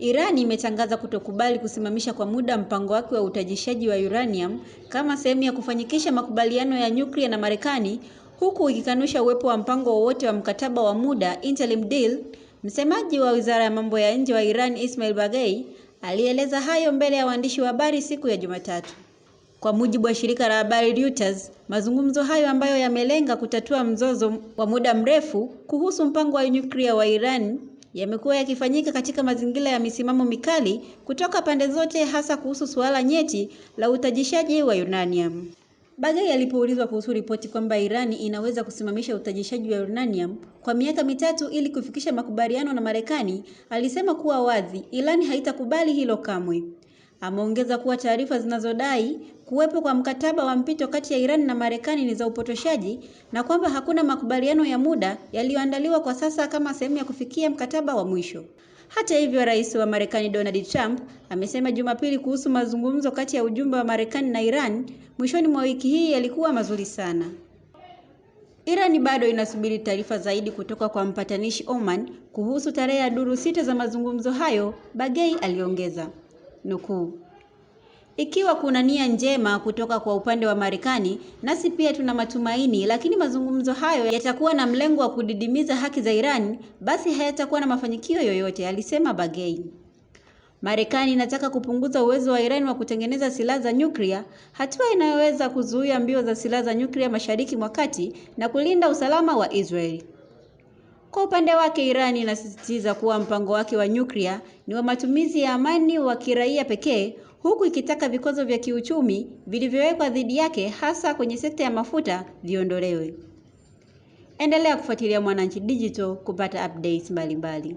Iran imetangaza kutokubali kusimamisha kwa muda mpango wake wa utajishaji wa uranium kama sehemu ya kufanikisha makubaliano ya nyuklia na Marekani huku ikikanusha uwepo wa mpango wowote wa mkataba wa muda interim deal. Msemaji wa Wizara ya Mambo ya Nje wa Iran, Ismail Baghei, alieleza hayo mbele ya waandishi wa habari siku ya Jumatatu. Kwa mujibu wa shirika la habari Reuters, mazungumzo hayo ambayo yamelenga kutatua mzozo wa muda mrefu kuhusu mpango wa nyuklia wa Iran yamekuwa yakifanyika katika mazingira ya misimamo mikali kutoka pande zote, hasa kuhusu suala nyeti la utajishaji wa uranium. Bagai alipoulizwa kuhusu ripoti kwamba Irani inaweza kusimamisha utajishaji wa uranium kwa miaka mitatu ili kufikisha makubaliano na Marekani, alisema kuwa wazi, Irani haitakubali hilo kamwe. Ameongeza kuwa taarifa zinazodai kuwepo kwa mkataba wa mpito kati ya Iran na Marekani ni za upotoshaji na kwamba hakuna makubaliano ya muda yaliyoandaliwa kwa sasa kama sehemu ya kufikia mkataba wa mwisho. Hata hivyo, Rais wa Marekani Donald Trump amesema Jumapili kuhusu mazungumzo kati ya ujumbe wa Marekani na Iran mwishoni mwa wiki hii yalikuwa mazuri sana. Irani bado inasubiri taarifa zaidi kutoka kwa mpatanishi Oman kuhusu tarehe ya duru sita za mazungumzo hayo, Bagei aliongeza. Nukuu, ikiwa kuna nia njema kutoka kwa upande wa Marekani, nasi pia tuna matumaini, lakini mazungumzo hayo yatakuwa na mlengo wa kudidimiza haki za Iran, basi hayatakuwa na mafanikio yoyote, alisema Bagei. Marekani inataka kupunguza uwezo wa Iran wa kutengeneza silaha za nyuklia, hatua inayoweza kuzuia mbio za silaha za nyuklia Mashariki mwa Kati na kulinda usalama wa Israeli. Kwa upande wake, Iran inasisitiza kuwa mpango wake wa nyuklia ni wa matumizi ya amani wa kiraia pekee, huku ikitaka vikwazo vya kiuchumi vilivyowekwa dhidi yake hasa kwenye sekta ya mafuta viondolewe. Endelea kufuatilia Mwananchi Digital kupata updates mbalimbali.